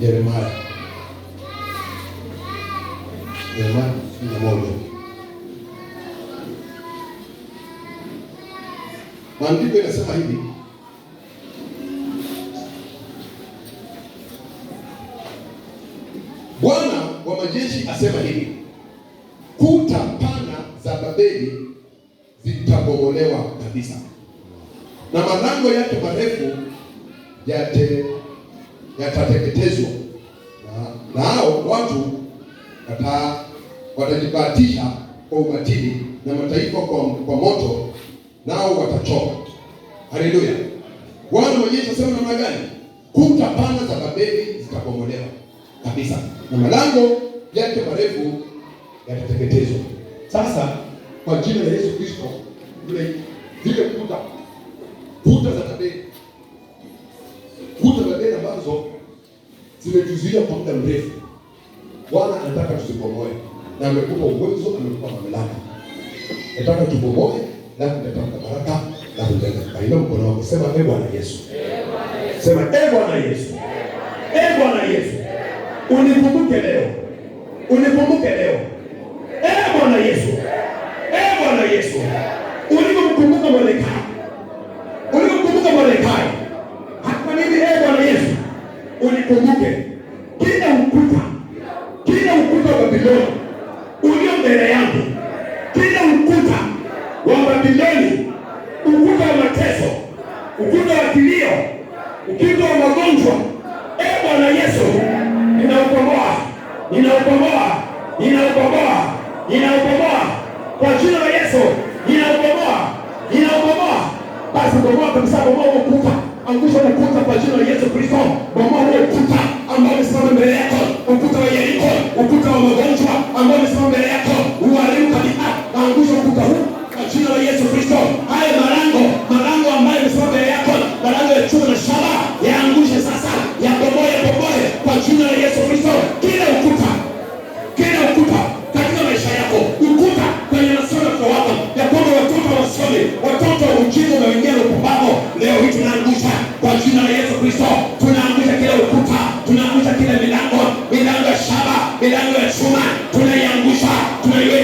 Yeremia Yeremia moja maandiko inasema hivi Bwana wa majeshi asema hivi, kuta pana za Babeli zitabomolewa kabisa na malango yake marefu yate yatateketezwa na hao watu watajibatisha kwa ubatili na mataifa kwa, kwa moto nao watachoka. Haleluya! Bwana mwenyewe sema namna gani? Kuta pana za Babeli zitabomolewa kabisa na malango yake marefu yatateketezwa. Sasa kwa jina la Yesu Kristo, yule zile kuta kuta za Babeli kuta za Babeli ambazo zimetuzuia kwa muda mrefu. Bwana anataka tuzibomoe, na amekupa uwezo, amekupa mamlaka. Nataka tubomoe, na nataka baraka na kujenga. Kainua mkono wako, sema e Bwana Yesu, sema e Bwana Yesu, e Bwana Yesu, unikumbuke leo, unikumbuke leo, e Bwana Yesu, e Bwana Yesu, ulikumbuka Mordekai, ulikumbuka Mordekai unikumbuke kila ukuta, kila ukuta wa Babiloni ulio mbele yangu, kila ukuta wa Babiloni, ukuta wa mateso, ukuta wa kilio, ukuta wa magonjwa, e Bwana Yesu, ninaukomboa, ninaukomboa, ninaukomboa, ninaukomboa kwa jina la Yesu, ninaukomboa, ninaukomboa. Basi komboa kabisa, komboa ukuta angusha ukuta kwa jina la Yesu Kristo. Bomoa huo ukuta ambao umesimama mbele yako, ukuta wa Yeriko, ukuta wa magonjwa ambao umesimama mbele yako, uharibu kabisa. Angusha ukuta huu kwa jina la Yesu Kristo. haya mara biashara inayoyachuma tunaiangusha, tunaiweka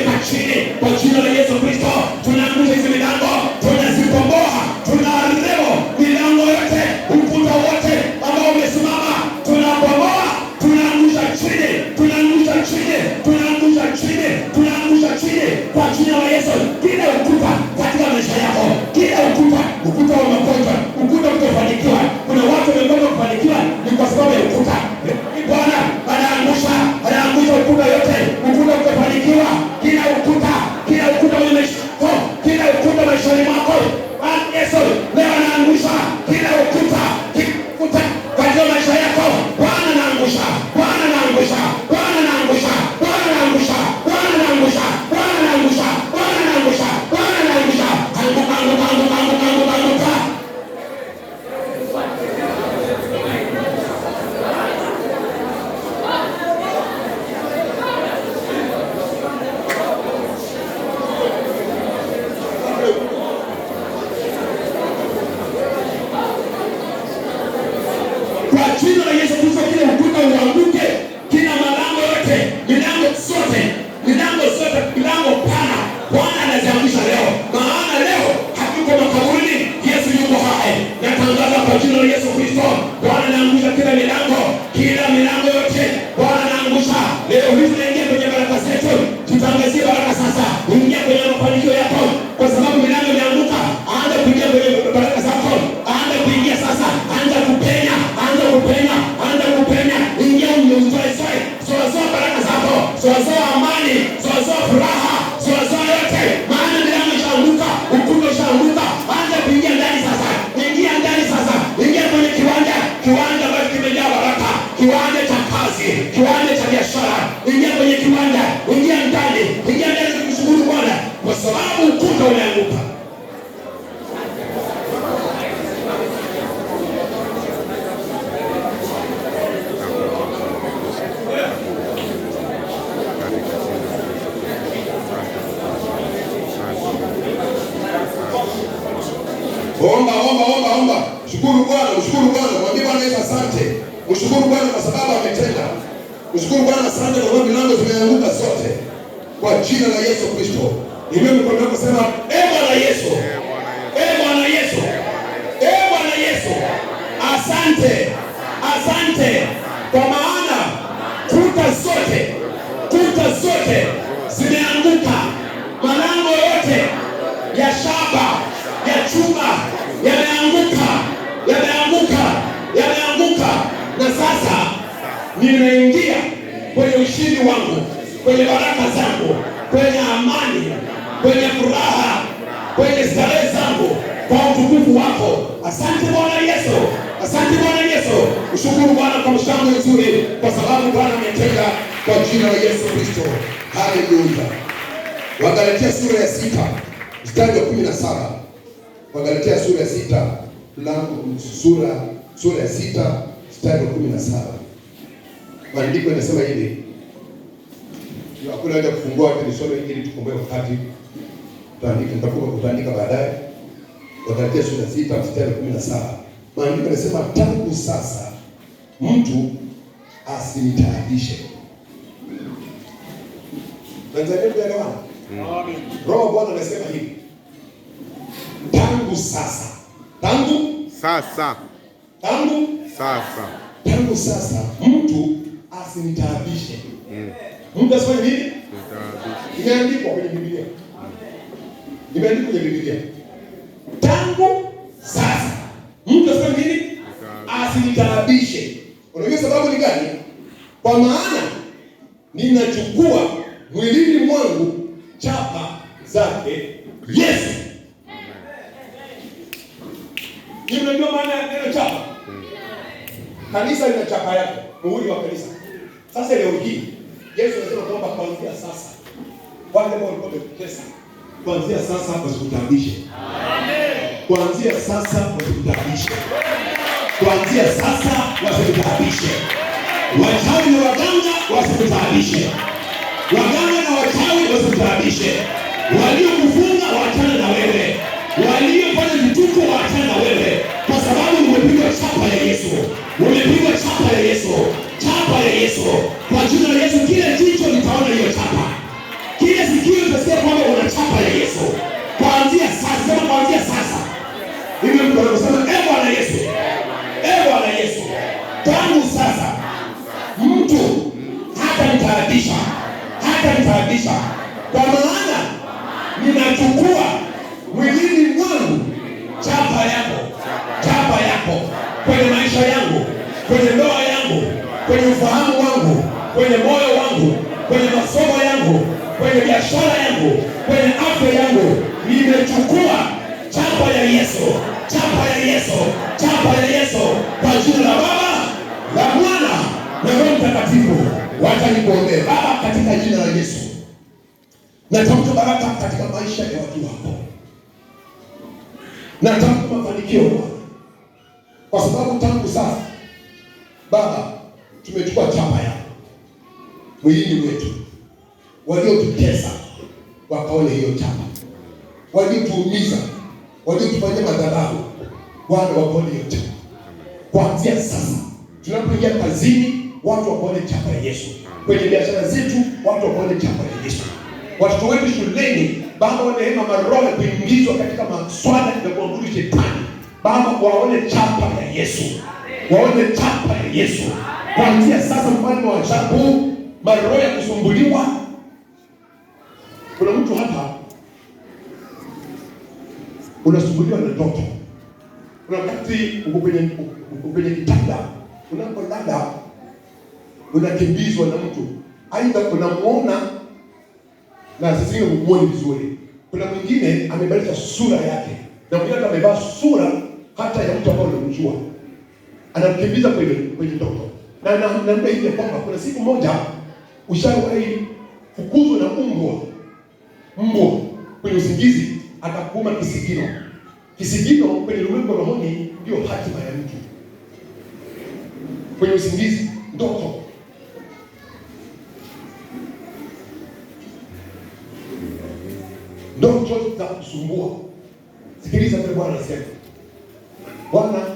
Mshukuru Bwana kwa sababu ametenda. Mshukuru Bwana asante kwa sababu milango zimeanguka sote kwa jina la Yesu Kristo. Niwe mkono wako sema Ee Bwana Yesu. Ee Bwana Yesu. Ee Bwana Yesu. Asante. Asante. Kwa maana kuta zote kuta zote ninaingia kwenye ushindi wangu, kwenye baraka zangu, kwenye amani, kwenye furaha, kwenye starehe zangu, kwa utukufu wako. Asante Bwana Yesu, asante Bwana Yesu. Ushukuru Bwana kwa mshangwe mzuri, kwa sababu Bwana ametenda kwa jina la Yesu Kristo. Haleluya. Wagalatia sura ya sita mstari wa kumi na saba Wagalatia sura ya sita mlango sura sura ya sita mstari wa kumi na saba maandiko yanasema hivi, hakuna haja kufungua, wacha nisome ili tukomboe wakati. Tutaandika, nitakuwa kutaandika baadaye, Wagalatia sura sita mstari kumi na saba maandiko yanasema tangu sasa mtu asinitaabishe. Tanzania, Amen. Roho Bwana anasema hivi tangu sasa, tangu sasa, tangu sasa, tangu sasa asinitaabishe. Mtu mm. asifanye nini? Imeandikwa kwenye Biblia, imeandikwa kwenye Biblia tangu sasa, Mtu asifanye nini? Asinitaabishe. Unajua sababu ni gani? Kwa maana ninachukua mwilini mwangu chapa zake Yesu. Hii ndio maana ya neno chapa. Mm. Kanisa lina chapa yake, muhuri wa kanisa sasa leo hii Yesu anasema kwamba kuanzia sasa wale ambao walikuwa wamekutesa, kuanzia sasa wasikutaabishe. Amen. Kuanzia sasa wasikutaabishe. Kuanzia sasa wasikutaabishe. Wachawi na waganga wasikutaabishe. Waganga na wachawi wasikutaabishe. Waliokufunga waachane na wewe. Waliofanya vituko waachane na wewe, kwa sababu umepigwa chapa ya Yesu, umepigwa chapa ya Yesu. Yesu, kwa jina la Yesu, kile jicho litaona hiyo chapa, kile sikio litasikia kwamba una chapa ya Yesu kuanzia sasa. Sema kuanzia sasa hivi, mkosema e Bwana Yesu, e Bwana Yesu, tangu sasa mtu hata nitaabisha hata nitaabisha, kwa maana ninachukua mwilini mwangu chapa yako, chapa yako kwenye maisha yangu, kwenye ndoa yangu kwenye ufahamu wangu, kwenye moyo wangu, kwenye masomo yangu, kwenye biashara yangu, kwenye afya yangu, nimechukua chapa ya Yesu, chapa ya Yesu, chapa ya Yesu, kwa jina la Baba la Mwana na Roho Mtakatifu. Wacha nikuombee. Baba, katika jina la Yesu natamka baraka katika maisha ya watu wako, natamka mafanikio kwa sababu tangu sasa Baba tumechukua chapa yao mwilini wetu. Waliotutesa wakaone hiyo chapa, waliotuumiza, waliotufanyia madharau wana wakaone hiyo chapa. Kuanzia sasa tunapoingia kazini, watu wakaone chapa ya Yesu. Kwenye biashara zetu, watu wakaone chapa ya Yesu. Watoto wetu shuleni, Baba wa neema, maroho ya kuingizwa katika maswala ya kuabudu shetani, Baba waone chapa ya Yesu waone chapa ya Yesu. Kuanzia sasa, mfalme wa chapu, maroho ya kusumbuliwa. Kuna mtu hapa unasumbuliwa na ndoto, kuna wakati uko kwenye uko kwenye kitanda, unapolala unakimbizwa na mtu, aidha unamuona na sisi humuoni vizuri. Kuna mwingine amebadilisha sura yake na mwingine amevaa sura hata ya mtu ambaye unamjua anamkimbiza kwenye kwenye ndoto, na naambia hivi kwamba kuna siku moja ushawahi fukuzwa na mbwa, mbwa kwenye usingizi akakuuma kisigino. Kisigino kwenye ulimwengu wa rohoni ndio hatima ya mtu, kwenye usingizi, ndoto ndoto za kusumbua. Sikiliza vile Bwana anasema, Bwana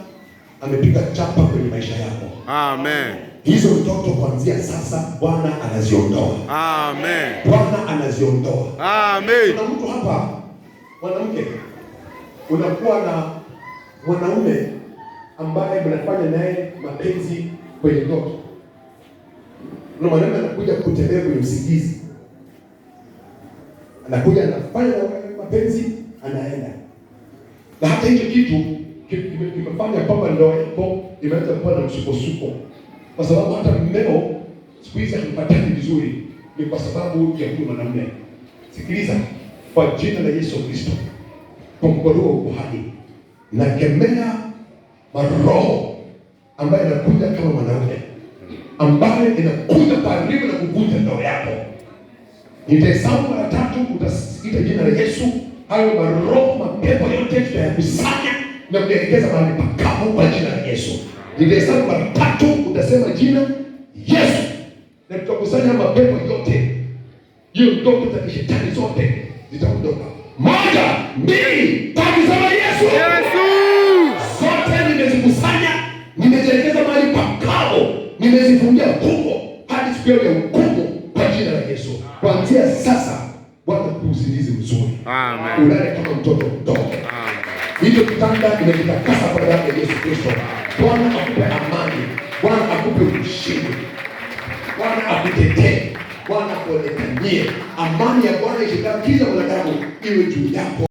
amepiga chapa kwenye maisha yako. Amen. Hizo ndoto kuanzia sasa Bwana anaziondoa. Amen. Bwana anaziondoa. Amen. Kuna mtu hapa mwanamke, unakuwa na mwanaume ambaye mnafanya naye mapenzi kwenye ndoto, na mwanaume anakuja kutembea kwenye usingizi, anakuja anafanya mapenzi, anaenda na hata hicho kitu kimefanya kwamba ndoa yako imeweza kuwa na msukosuko, kwa sababu hata mmeo siku hizi hampatani vizuri, ni kwa sababu ya huyu mwanamume. Sikiliza, kwa jina la Yesu Kristo, kwa mkodoa ukuhani, nakemea maroho ambayo inakuja kama mwanaume ambayo inakuja karibu na kuvunja ndoa yako. Nitahesabu mara tatu, utasikia jina la Yesu. Hayo maroho mapepo yote tutayakusanya na kuelekeza mahali pakavu kwa jina la Yesu. Nitahesabu mara tatu utasema jina Yesu, na tutakusanya mapepo yote, hiyo ndoto za kishetani zote zitaondoka. Moja, mbili, tatu, sema Yesu. Yesu zote nimezikusanya, nimezielekeza mahali pakavu, nimezifungia huko hadi siku ya hukumu kwa jina la Yesu. Kuanzia sasa, Bwana, usingizi mzuri, ulale kama mtoto mdogo hivyo kitanda imekitakasa kwa damu ya Yesu Kristo. Bwana akupe amani, Bwana akupe ushindi, Bwana akutetee, Bwana akuonekanie amani ya Bwana ishikayo kila mwanadamu iwe juu yako.